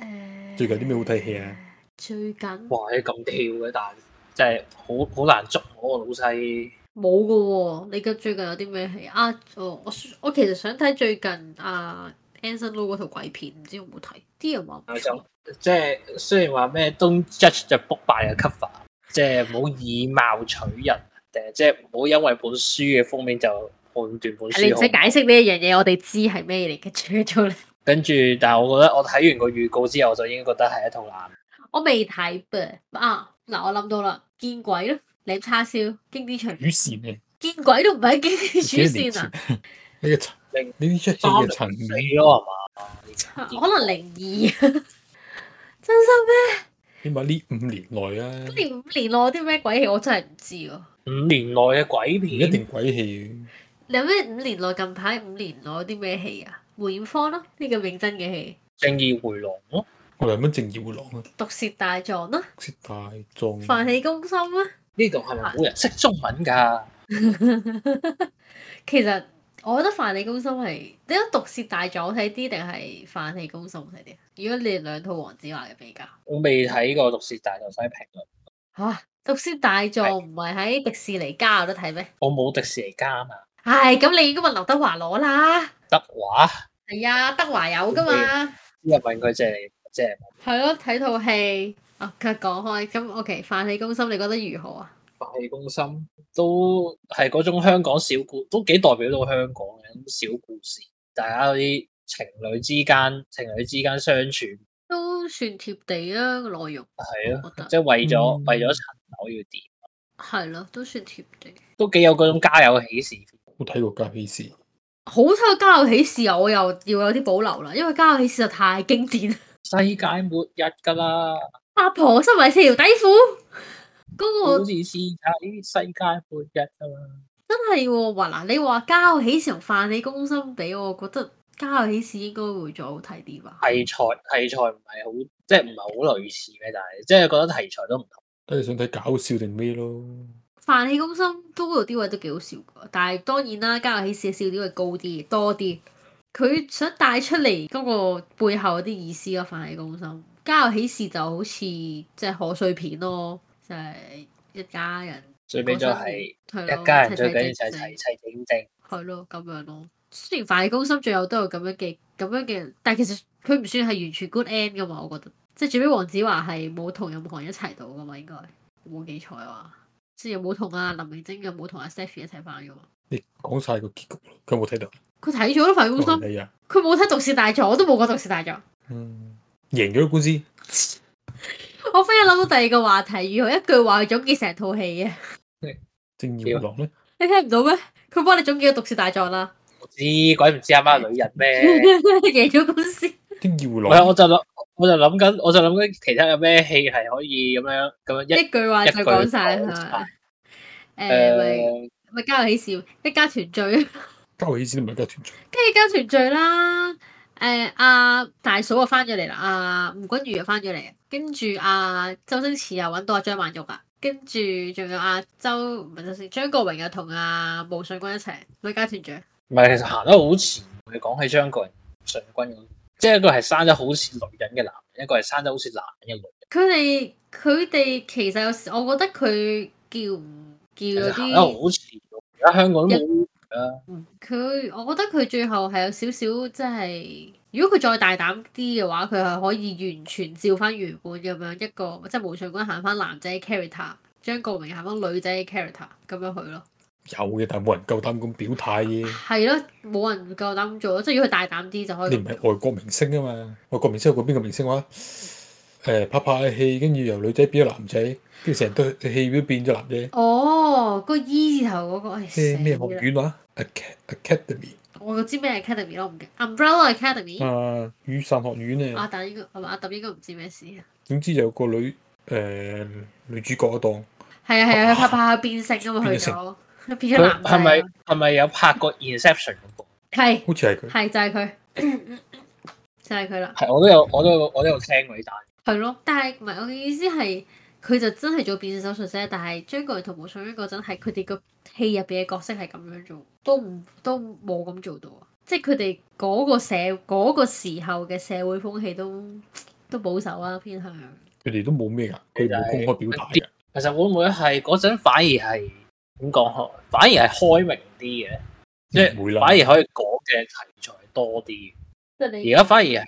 ，uh, 最近啲咩好睇戲啊？最近哇，你咁跳嘅，但係即係好好難捉我個老細。冇嘅喎，你而家最近有啲咩戲啊？哦，我我其實想睇最近啊，Anson Law 嗰套鬼片，唔知有冇睇？啲人話就即係雖然話咩 Don't judge 就 book 敗嘅 cover。即係唔好以貌取人，定係即係唔好因為本書嘅封面就判斷本書。你唔使解釋呢一樣嘢，我哋知係咩嚟嘅，除咗你。跟住， 但係我覺得我睇完個預告之後，我就已經覺得係一套爛、啊。我未睇，啊嗱，我諗到啦，見鬼咯，你叉燒經啲場主線嘅，見鬼都唔係經啲主線啊！呢個陳呢啲出線嘅陳二咯，係嘛、啊？可能靈異，真心咩？起碼呢五年內啊！今年五年內有啲咩鬼戲，我真係唔知喎。五年內嘅鬼片一定鬼戲。你有咩五年內，近排五年內有啲咩戲啊？梅艷芳咯，呢個認真嘅戲。正義回廊咯。我哋有咩正義回廊啊？毒舌大狀咯。毒舌大狀。飯氣攻心啊！呢度係咪冇人識中文㗎？其實。我覺得心《飯戲攻心》係，你覺得《毒舌大狀》好睇啲定係《飯戲攻心》好睇啲？如果你兩套黃子華嘅比較，我未睇過大《毒舌大狀》可以評論毒舌、啊、大狀》唔係喺迪士尼加，有得睇咩？我冇迪士尼加啊嘛。唉、哎，咁你應該問劉德華攞啦。德華係啊，德華有噶嘛？又、欸、問佢借，借係咯，睇套戲。啊，講開咁，OK 飯戲攻心》你覺得如何啊？白氣攻心都係嗰種香港小故事，都幾代表到香港嘅小故事。大家嗰啲情侶之間，情侶之間相處都算貼地啊，內容係啊，即係為咗、嗯、為咗層樓要點？係咯，都算貼地，都幾有嗰種家有喜事。好睇過家有喜事，好睇過家有喜事我又要有啲保留啦，因為家有喜事就太經典。世界末日噶啦，阿、啊、婆身埋四條底褲。嗰、那個好似呢啲世界末日噶嘛，真係喎、哦！嗱、啊，你話家有喜事同飯戲攻心俾我，覺得家有喜事應該會再好睇啲吧？題材題材唔係好，即係唔係好類似嘅，但係即係覺得題材都唔同。即係想睇搞笑定咩咯？飯戲攻心都嗰度啲位都幾好笑，但係當然啦，家有喜事嘅笑點會高啲、多啲。佢想帶出嚟嗰個背後嗰啲意思咯。飯戲攻心，家有喜事就好似即係賀歲片咯。就係一家人，最尾就係一家人，最尾就係齊齊整整。係咯，咁樣咯。雖然《飯戲攻心》最後都有咁樣嘅咁樣嘅，但係其實佢唔算係完全 good end 噶嘛。我覺得，即係最尾黃子華係冇同任何人一齊到噶嘛，應該冇記錯啊嘛。即係又冇同阿林明禎又冇同阿 Stephy 一齊翻噶嘛。你講晒個結局，佢有冇睇到？佢睇咗咯，《飯戲攻心》。你啊？佢冇睇《毒舌大狀》，我都冇講《毒舌大狀》。嗯，贏咗官司。我忽然諗到第二個話題，如何一句話去總結成套戲嘅？正正二落咧？你聽唔到咩？佢幫你總結個《毒舌大狀》啦。知鬼唔知阿媽女人咩？贏咗官司。正二落。我就諗，我就諗緊，我就諗緊其他有咩戲係可以咁樣咁樣一一句話就講晒佢。誒，咪咪家有喜事，一家團聚。家有喜事都唔係一家團聚。梗係一家團聚啦。誒阿、哎啊、大嫂又翻咗嚟啦，阿、啊、吳君如又翻咗嚟，跟住阿周星馳又揾到阿、啊、張曼玉啊，跟住仲有阿周唔係周星，張國榮又同阿毛舜筠一齊，女家團長。唔係，其實行得好前，你講起張國榮、舜筠嗰，即係一個係生得好似女人嘅男人，一個係生得好似男人嘅女人。佢哋佢哋其實有時，我覺得佢叫唔叫嗰啲，好前，而家香港佢、嗯，我覺得佢最後係有少少，即係如果佢再大膽啲嘅話，佢係可以完全照翻原本咁樣一個，即係吳卓羲行翻男仔 character，張國榮行翻女仔 character 咁樣去咯。有嘅，但係冇人夠膽咁表態嘅。係咯，冇人夠膽咁做咯。即係如果佢大膽啲，就可以。你唔係外國明星啊嘛？外國明星有邊個明星話？誒拍拍嘅戲，跟住由女仔變咗男仔，跟住成對戲都變咗男仔。哦，個 E 字頭嗰個，咩咩學院啊？Ac Academy 我唔知咩 Academy 我唔記。Umbrella Academy 啊，雨傘學院啊。阿達應該，阿達應該唔知咩事啊。點知有個女誒女主角當。係啊係啊，佢拍拍變性啊嘛，去咗，變咗男。係咪係咪有拍過 Inception 嗰個？係。好似係佢。係就係佢，就係佢啦。係我都有，我都有，我都有聽過呢單。係咯，但係唔係，我嘅意思係佢就真係做變性手術啫。但係張國榮同毛舜筠嗰陣係佢哋個戲入邊嘅角色係咁樣做，都唔都冇咁做到啊！即係佢哋嗰個社嗰個時候嘅社會風氣都都保守啊，偏向佢哋都冇咩啊，佢冇公開表態嘅。其實會唔會係嗰陣反而係點講好？反而係開明啲嘅，即係反而可以講嘅題材多啲。即係而家反而係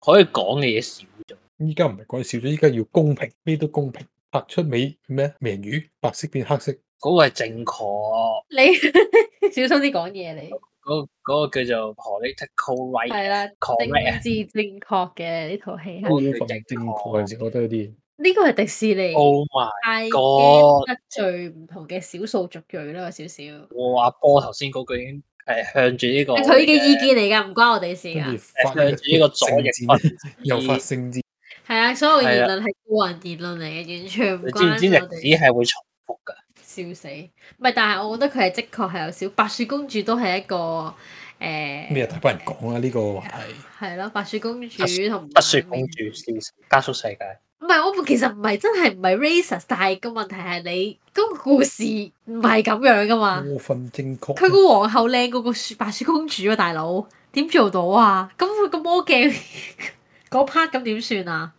可以講嘅嘢少咗。依家唔係講笑咗，依家要公平，咩都公平。拍出尾咩美人魚，白色變黑色，嗰個係正確。你小心啲講嘢你。嗰個嗰個叫做 Political Right 係啦，政治正確嘅呢套戲係。政治正確，我覺得有啲。呢個係迪士尼。Oh my！嘅得罪唔同嘅少數族裔啦，少少。哇！阿波頭先嗰句已經欸向住呢個。佢嘅意見嚟噶，唔關我哋事噶。向住呢個左翼又發聖戰。係啊，所有言論係個人言論嚟嘅，完全唔關我哋。你知唔知歷史係會重複噶？笑死，唔係、啊，但係我覺得佢係的確係有少。白雪公主都係一個誒咩？大過人講啊？呢個話題係咯，白雪公主同白雪公主加速世界。唔係，我其實唔係真係唔係 racist 但係個問題係你、個故事唔係咁樣噶嘛？過分正確。佢個皇后靚過個雪白雪公主啊，大佬點做到啊？咁佢個魔鏡。 嗰 part 咁點算啊？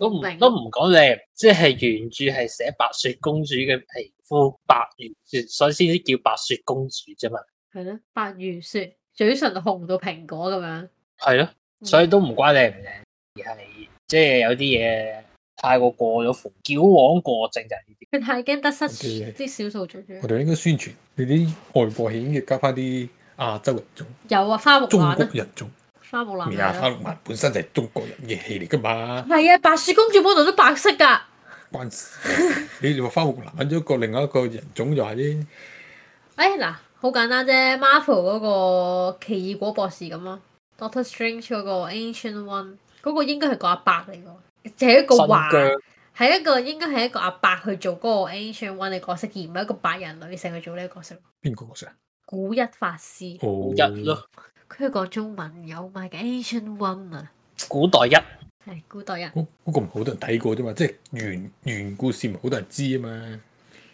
我唔明，都唔講靚，即係原著係寫白雪公主嘅皮膚白如雪，所以先叫白雪公主啫嘛。係咯，白如雪，嘴唇紅到蘋果咁樣。係咯，所以都唔關靚唔靚，而係、嗯、即係有啲嘢太過過咗火，矯枉過正就係呢啲。佢太驚得失處小數，啲少數族我哋應該宣傳你啲外國險，亦加翻啲亞洲人種。有啊，花中國人種。花木蘭，花木蘭本身就係中國人嘅戲嚟噶嘛？係啊，白雪公主嗰度都白色噶。關你哋話花木蘭咗一個另外一個人種就係啲。誒嗱，好簡單啫，Marvel 嗰個奇異果博士咁咯，Doctor Strange 嗰個 Ancient One，嗰個應該係個阿伯嚟噶，就係一個話，係姜一個應該係一個阿伯去做嗰個 Ancient One 嘅角色，而唔係一個白人女性去做呢個角色。邊個角色啊？古一法師。哦、古一咯。佢講中文有賣嘅 Asian One 啊，古代一係古代一，代一哦那個，不過唔好多人睇過啫嘛，即係、啊嗯、原原故事，好多人知啊嘛。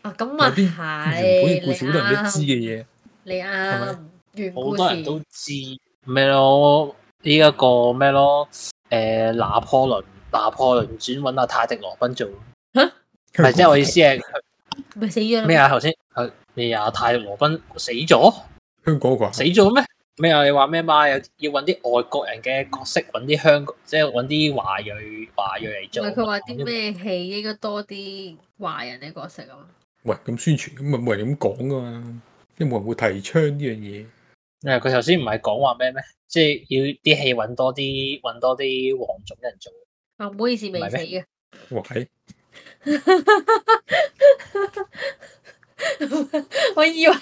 啊咁啊，係原故事，好多人都知嘅嘢。你啊，好多人都知咩咯？呢、這、一個咩咯？誒、呃，拿破崙，拿破崙轉揾阿泰迪羅賓做，唔係即係我意思係，咪死咗咩啊？頭先你阿泰迪羅賓死咗，香港噶，死咗咩？咩啊？你話咩嘛？有要搵啲外國人嘅角色，搵啲香港，即係搵啲華裔華裔嚟做。佢話啲咩戲應該多啲華人嘅角色啊？喂，咁宣傳咁咪冇人咁講噶嘛？即係冇人會提倡呢樣嘢。誒、啊，佢頭先唔係講話咩咩？即係要啲戲搵多啲，搵多啲黃種人做。啊，唔好意思，未死嘅。喂， 我以為。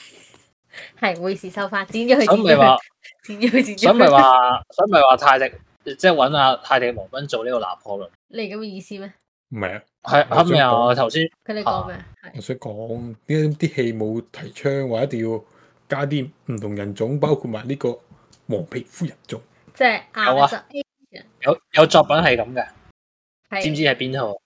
係會持續發展佢咁咪話，佢自己，咁咪話，所以咪話泰迪即係揾阿泰迪嘅羅賓做呢個拿破崙？你咁嘅意思咩？唔係啊，係後屘啊，頭先佢哋講咩？我想講啲啲戲冇提倡話一定要加啲唔同人種，包括埋呢個黃皮膚人種。即係有有作品係咁嘅，知唔知係邊套？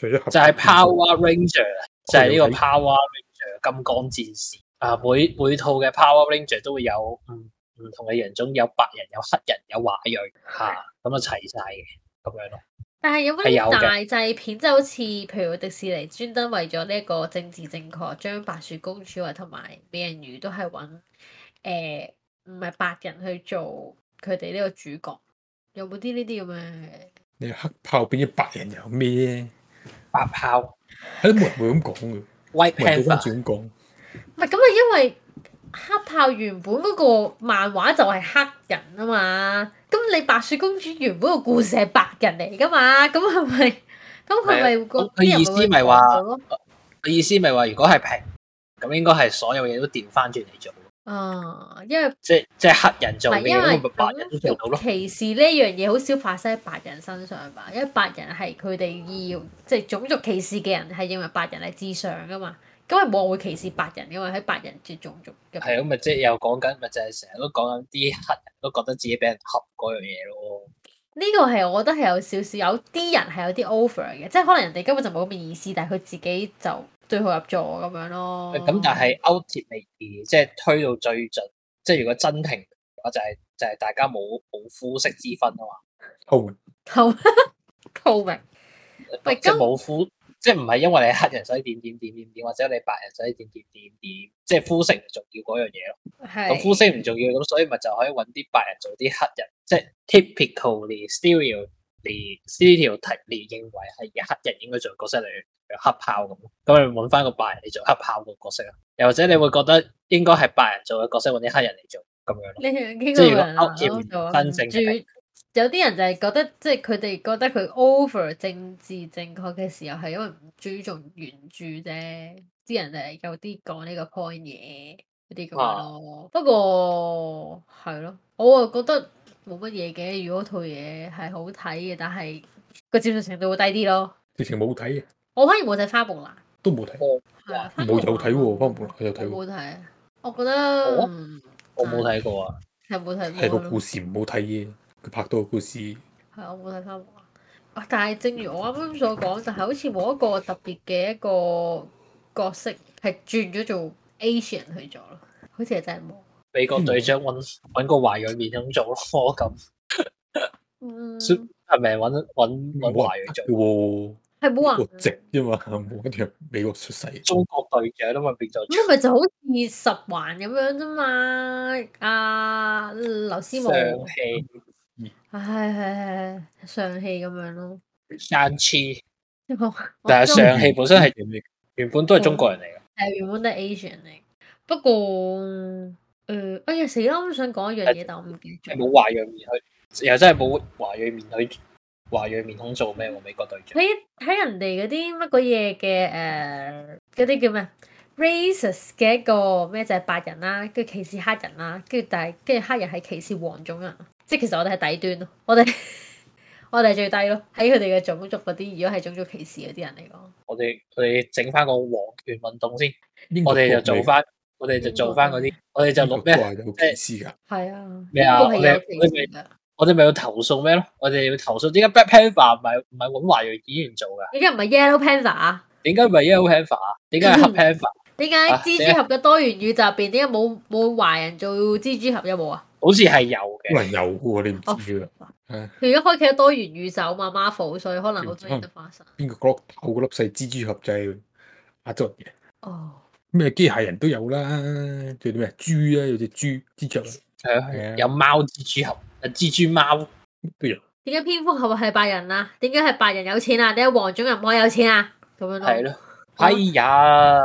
就係 Power Ranger，就係呢個 Power Ranger 金剛戰士。啊，每每套嘅 Power Ranger 都會有唔唔、嗯、同嘅人種，有白人，有黑人，有華裔，吓、啊、咁就齊晒嘅咁樣咯。但係有冇啲大製片，即係好似譬如迪士尼專登為咗呢一個政治正確，將白雪公主或同埋美人魚都係揾誒唔係白人去做佢哋呢個主角？有冇啲呢啲咁嘅？你黑豹變咗白人有咩？白豹，佢黑都唔會咁講嘅，唔 White 他們 會咁講。唔係咁啊，因為黑豹原本嗰個漫畫就係黑人啊嘛，咁你白雪公主原本個故事係白人嚟噶嘛，咁係咪？咁佢咪個佢、啊那個、意思咪話？佢意思咪話如果係平，咁應該係所有嘢都調翻轉嚟做。哦、啊，因為即係即係黑人做嘅嘢因為白人都做到咯。歧視呢樣嘢好少發生喺白人身上吧？因為白人係佢哋要、嗯、即種族歧視嘅人係認為白人係至上噶嘛。因為冇人會歧視白人，因為喺白人之中做嘅係咯，咪即係又講緊，咪就係成日都講緊啲黑人都覺得自己俾人恰嗰樣嘢咯。呢個係我覺得係有少少，有啲人係有啲 offer 嘅，即係可能人哋根本就冇咁嘅意思，但係佢自己就對號入座咁樣咯。咁但係 ultimate 即係推到最盡，即係如果真停，就係、是、就係、是、大家冇冇膚色之分啊嘛。透明，透明，即冇膚。即係唔係因為你黑人所以點點點點點，或者你白人所以點點點點，即係膚色重要嗰樣嘢咯。係是，咁膚色唔重要，咁所以咪就可以揾啲白人做啲黑人，即係 typically stereo 嚟 stereotype 認為係黑人應該做角色嚟黑豹咁，咁你揾翻個白人嚟做黑豹個角色啊？又或者你會覺得應該係白人做嘅角色揾啲黑人嚟做咁樣咯。聽即係如果歐劍真正。.有啲人就係覺得，即係佢哋覺得佢 over 政治正確嘅時候，係因為唔注重原著啫。啲人就係有啲講呢個 point 嘢，嗰啲咁樣咯。不過係咯，我啊覺得冇乜嘢嘅。如果套嘢係好睇嘅，但係個接受程度會低啲咯。直情冇睇嘅，我反而冇睇《花木蘭》，都冇睇。係啊，有睇喎，《花木蘭》有睇。唔好睇，我覺得。哦嗯、我冇睇過啊。係冇睇過。係個故事唔好睇嘅。佢拍到嘅故事係我冇睇翻，但係正如我啱啱所講，就係好似冇一個特別嘅一個角色係轉咗做 Asian 去咗咯，好似係真係冇美國隊長揾揾個華裔面孔做咯咁，所以係咪揾揾華裔做喎？係冇話直啊嘛，跟住美國出世，中國隊長都咪變咗，咁咪就好似十環咁樣啫嘛？阿劉思慕。係係係上戲咁樣咯，上次？但係上戲本身係原本原本都係中國人嚟嘅，係原本都係 Asian 嚟。不過誒、呃，哎呀死啦！我想講一樣嘢，但是我唔記得。冇華裔面孔，又真係冇華裔面孔，華裔面孔做咩，啊？美國隊長？睇睇人哋嗰啲乜鬼嘢嘅誒，嗰、呃、啲叫咩？Races 嘅一個咩就係白人啦，啊，跟住歧視黑人啦，啊，跟住但係跟住黑人係歧視黃種人。即係其實我哋係底端咯，我哋我哋最低咯，喺佢哋嘅種族嗰啲，如果係種族歧視嗰啲人嚟講，我哋我哋整翻個黃權運動先，我哋就做翻，我哋就做翻嗰啲，我哋就錄咩咩詩噶，係啊咩啊，我哋我哋我哋咪要投訴咩咯？我哋要投訴，點解 Black Panther 唔係唔係用華裔演員做噶？點解唔係 Yellow Panther 啊？點解唔係 Yellow Panther？點解係黑 Panther？點解蜘蛛俠嘅多元宇宙入邊點解冇冇華人做蜘蛛俠有冇啊？好似係有嘅，可能有嘅，你唔知啦。佢而家開啟咗多元宇宙嘛，Marvel，所以可能好多嘢都發生。邊個角落嗰粒細蜘蛛俠就係亞洲人嘅。哦，咩機械人都有啦，啊，仲有咩豬啊？有隻豬蜘蛛，係啊係啊，有貓蜘蛛俠，蜘蛛貓。邊、嗯、啊？點解蝙蝠俠係白人啊？點解係白人有錢啊？點解黃種人唔可以有錢啊？咁樣咯。係咯，哎呀，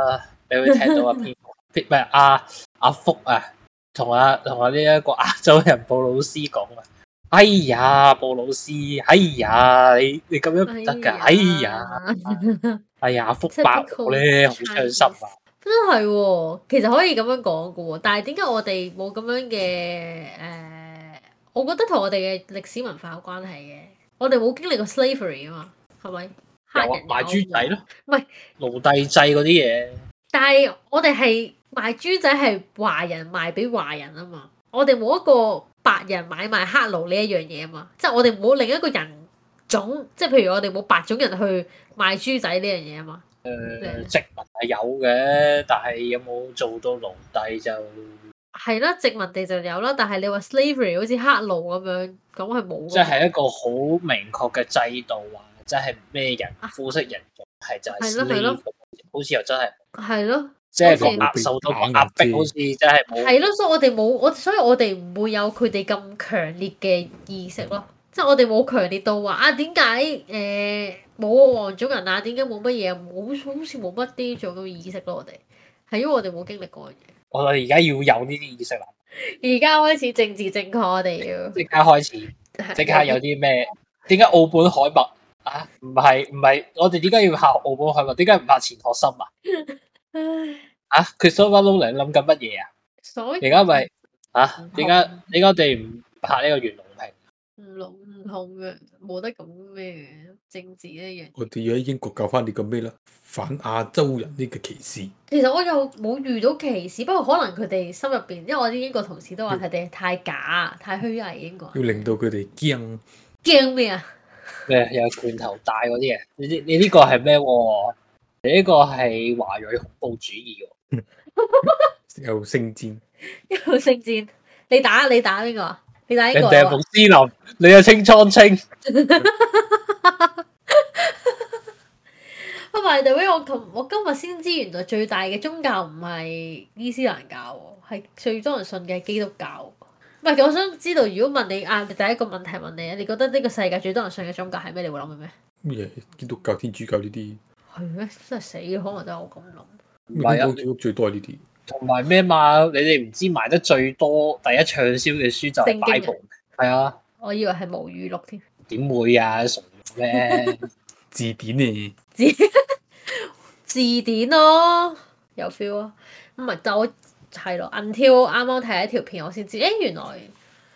你會聽到阿蝙蝠，唔阿阿福啊？ 同阿同阿呢一個亞洲人布魯斯講啊！哎呀，布魯斯，哎呀，你你咁樣唔得噶，哎呀，哎呀，福伯咧好傷心啊！真係喎，其實可以咁樣講嘅喎，但係點解我哋冇咁樣嘅誒？我覺得同我哋嘅歷史文化有關係嘅，我哋冇經歷過 slavery 啊嘛，係咪黑人賣豬仔咯？唔係奴隸制嗰啲嘢，但係我哋係。賣豬仔係華人賣俾華人啊嘛，我哋冇一個白人買賣黑奴呢一樣嘢啊嘛，即係我哋冇另一個人種，即係譬如我哋冇白種人去賣豬仔呢樣嘢啊嘛。誒、呃，殖民係有嘅，但係有冇做到奴隸就係啦、啊，殖民地就有啦，但係你話 slavery 好似黑奴咁樣，咁係冇。即係一個好明確嘅制度話，即係咩人膚色人種係就係 s l 好似又真係係咯。即係白手都壓迫，好似真係冇。係咯，所以我哋冇我，所以我哋唔會有佢哋咁強烈嘅意識咯。即、就、係、是、我哋冇強烈到話啊，點解誒冇黃種人啊？點解冇乜嘢？冇好似冇乜啲做到意識咯。我哋係因為我哋冇經歷過嘢。我哋而家要有呢啲意識啦。而家 開始政治正確，我哋要即刻開始，即刻有啲咩？點解 奧本海默啊？唔係唔係，我哋點解要考奧本海默？點解唔拍錢學森啊？ 啊，佢 so far lonely 諗緊乜嘢啊？所以而家咪啊？點解點解我哋唔拍呢個袁隆平？唔攏唔通嘅，冇得咁咩嘅政治呢樣。我哋要喺英國救翻你個咩啦？反亞洲人呢個歧視。其實我又冇遇到歧視，不過可能佢哋心入邊，因為我啲英國同事都話佢哋太假、要太虛偽。英國要令到佢哋驚驚咩啊？咩有拳頭大嗰啲嘢？你呢？你呢個係咩？ 啊呢個係華裔恐怖主義，又聖戰，又聖戰。你打你打邊個啊？你打呢個？你係馮思林，你係青蒼青。唔係，David，我同我今日先知，原來最大嘅宗教唔係伊斯蘭教，係最多人信嘅基督教。唔係，我想知道，如果問你啊，第一個問題問你啊，你覺得呢個世界最多人信嘅宗教係咩？你會諗起咩？咩、yeah, 基督教、天主教呢啲？係咩真係死嘅？可能真係我咁諗。唔係、嗯、啊，最多係呢啲，同埋咩嘛？你哋唔知買得最多、第一暢銷嘅書就係《聖經》。係啊，啊我以為係《無語錄》添。點會啊？從咩 字典嚟、啊？ 字典咯、啊，有 feel 啊！唔係就係咯、啊。until 啱啱睇一條片，我先知。誒，原來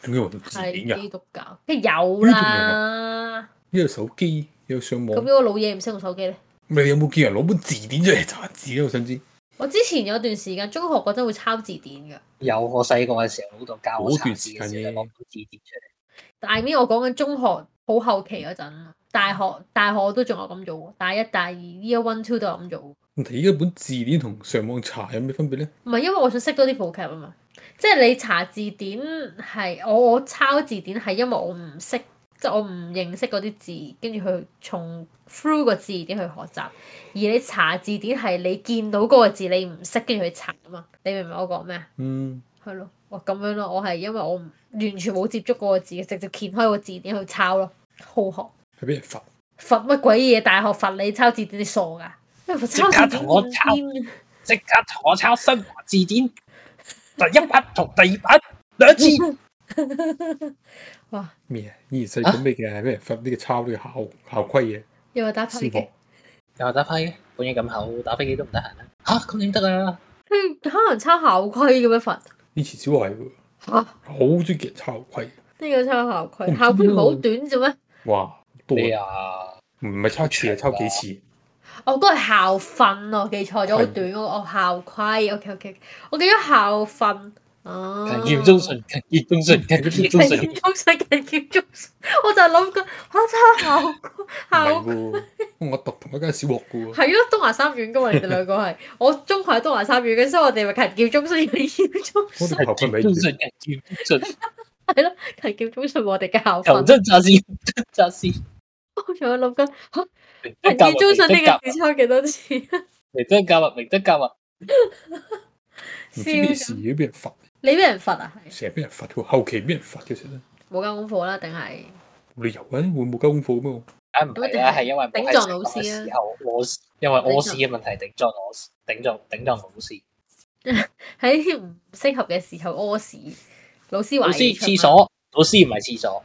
咁叫字典嘅基督教，即係有啦。呢個手機有上網。咁呢個老嘢唔識用手機咧？你有冇見人攞本字典出嚟查字咧？我想知。我之前有段時間中學嗰陣會抄字典噶。有，我細個嘅時候好多教好抄字典嘅。我講到字典出嚟，但係面我講緊中學好後期嗰陣，大學大學我都仲有咁做，大一大二 year one two 都有咁做。你嗰本字典同上網查有咩分別咧？唔係因為我想識多啲副詞啊嘛，即係你查字典係我我抄字典係因為我唔識。即係我唔認識嗰啲字，跟住去從 through 個字典去學習。而你查字典係你見到嗰個字你唔識，跟住去查啊嘛。你明唔明我講咩啊？嗯，係咯，我咁樣咯。我係因為我完全冇接觸嗰個字，直接揭開個字典去抄咯，好學。係俾人罰？罰乜鬼嘢？大學罰你抄字典你傻噶？即刻同我抄，即刻同我抄《新華字典》第一版同第二版兩次。 哇！咩啊？以前細個咩嘅係咩？罰呢個抄呢個校校規嘅，又話打飛機，又話打飛機，本嘢咁厚打飛機都唔得閒啦。吓咁點得啊？佢可、啊嗯、可能抄校規咁樣罰。以前小學吓好中意人抄校規。呢個抄校規，校規唔好短做咩？哇！多啊！唔係麼抄次啊，抄幾次？哦、我都係校訓哦，我記錯咗好短的哦。校規，OK OK，我記咗校訓。勤儉忠信，勤儉忠信，勤儉忠信，勤儉忠信，我就諗緊，我抄校歌，校歌，我讀同一間小學嘅喎。係咯，東華三院噶嘛？你哋兩個係，我中學喺東華三院嘅，所以我哋咪勤儉忠信，勤儉忠信，勤儉忠信，勤儉忠信。係咯，勤儉忠信我哋嘅校訓真紮實，紮實。我仲有諗緊，勤儉忠信呢個字抄幾多次？明德格物，明德格物。笑死，呢邊發。你俾人罰啊？成日俾人罰嘅，後期俾人罰嘅時候咧，冇交功課啦，定係冇理由嘅，會冇交功課咩？定係因為頂撞老師啦，時候屙屎，因為屙屎嘅問題頂撞老師，頂撞頂撞老師，喺唔適合嘅時候屙屎，老師話，老師廁所，老師唔係廁所，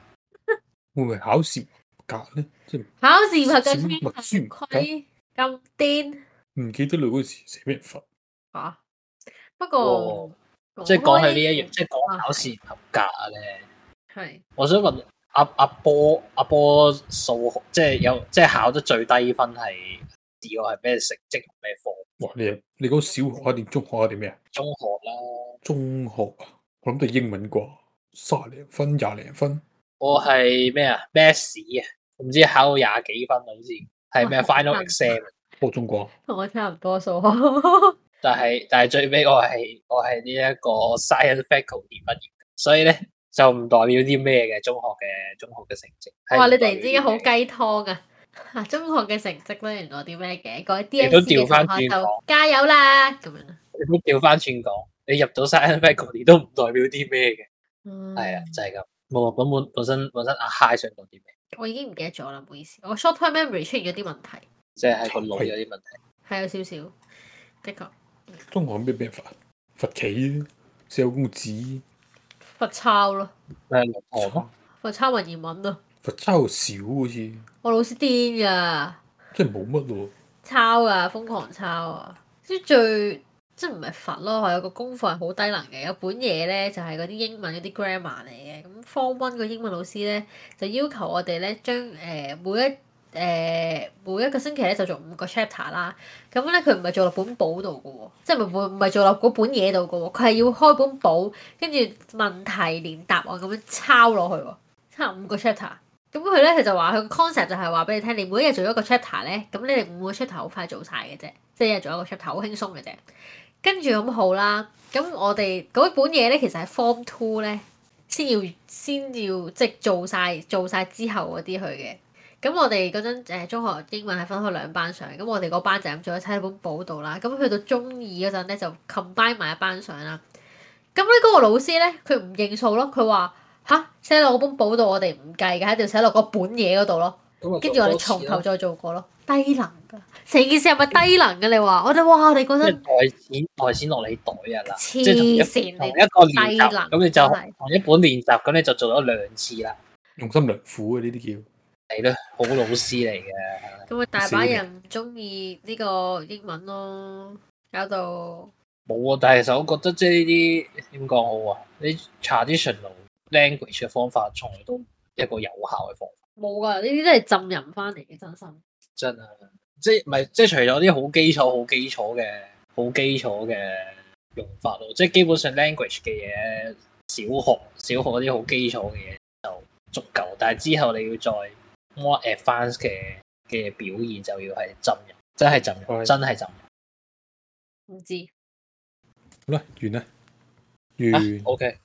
會唔會考試夾咧？即係考試夾嘅物資咁癲，唔記得你嗰時成日俾人罰吓？不過。即係講起呢一樣，即係講考試合格咧。係的，我想問阿阿、啊啊、波阿、啊、波數學，即係有即係考得最低分係點啊？係咩成績？咩科？課哇！你啊，你講小學啊定中學啊定咩啊？中學啦。中學，我諗都係英文啩，三零分廿零分。分我係咩啊？咩屎啊？唔知考到廿幾分啊？好似係咩 final exam 好中過。同 我差唔多數學。 但係但係，最尾我係我係呢一個 science faculty 畢業嘅，所以咧就唔代表啲咩嘅中學嘅中學嘅成績。哇！你突然之間好雞湯啊！中學嘅成績咧，原嗰啲咩嘅？個 DSE 嘅中學就加油啦，咁樣。你都調翻轉講，你入咗 science faculty 都唔代表啲咩嘅。嗯，係啊，就係咁。冇，本本本身本身阿 Hi 想講啲咩？我已經唔記得咗啦，唔好意思，我 short term memory 出現咗啲問題，即係個腦有啲問題，係有少少的確。中學有咩咩罰？罰企小公子，罰抄咯。係落堂咯。罰抄文言文、哦、啊。罰抄又少好似。我老師癲噶。真係冇乜喎。抄啊，瘋狂抄啊！即最即唔係罰咯，係有個功課係好低能嘅，有本嘢咧就係嗰啲英文嗰啲 grammar 嚟嘅。咁 form one 個英文老師咧就要求我哋咧將誒每一。誒每一個星期咧就做五個 chapter 啦，咁咧佢唔係做落本簿度嘅喎，即係唔係做落嗰本嘢度嘅喎，佢係要開本簿，跟住問題連答案咁樣抄落去喎，抄五個 chapter。咁佢咧佢就話佢 concept 就係話俾你聽，你每一日做一個 chapter 咧，咁你哋五個 chapter 好快做晒嘅啫，即係一日做一個 chapter 好輕鬆嘅啫。跟住咁好啦，咁我哋嗰本嘢咧其實係 form two 咧，先要先要即係做晒，做晒之後嗰啲去嘅。咁我哋嗰陣誒中學英文係分開兩班上，咁我哋嗰班就係咁做咗一本簿度啦。咁去到中二嗰陣咧就 combine 埋一班上啦。咁咧嗰個老師咧佢唔認數咯，佢話吓寫落嗰本簿度我哋唔計嘅，喺度寫落嗰本嘢嗰度咯。跟住我哋從頭再做過咯。是低能噶，成件事係咪低能噶？你話我哋哇，我哋覺得代錢代錢落你袋啊啦，黐線你一個低能。咁你就同一本練習，咁你就做咗兩次啦。用心良苦啊，呢啲叫。多次係咯，好老師嚟嘅。咁啊，大把人中意呢個英文咯，搞到冇啊！但係其實我覺得即係呢啲點講好啊？啲 traditional language 嘅方法，從來都一個有效嘅方法。冇噶，啊，呢啲都係浸人翻嚟嘅真心。真係，即係唔係即係除咗啲好基礎、好基礎嘅、好基礎嘅用法咯，即係基本上 language 嘅嘢，小學、小學啲好基礎嘅嘢就足夠。但係之後你要再。more advanced 嘅嘅表現就要係浸人，真係浸人，Right. 真係浸人。唔知，好啦，完啦，完。O K、啊。Okay.